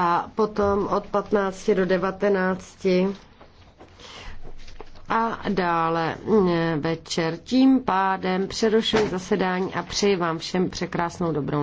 a potom od 15 do 19 a dále mm, večer. Tím pádem přerušuji zasedání a přeji vám všem překrásnou dobrou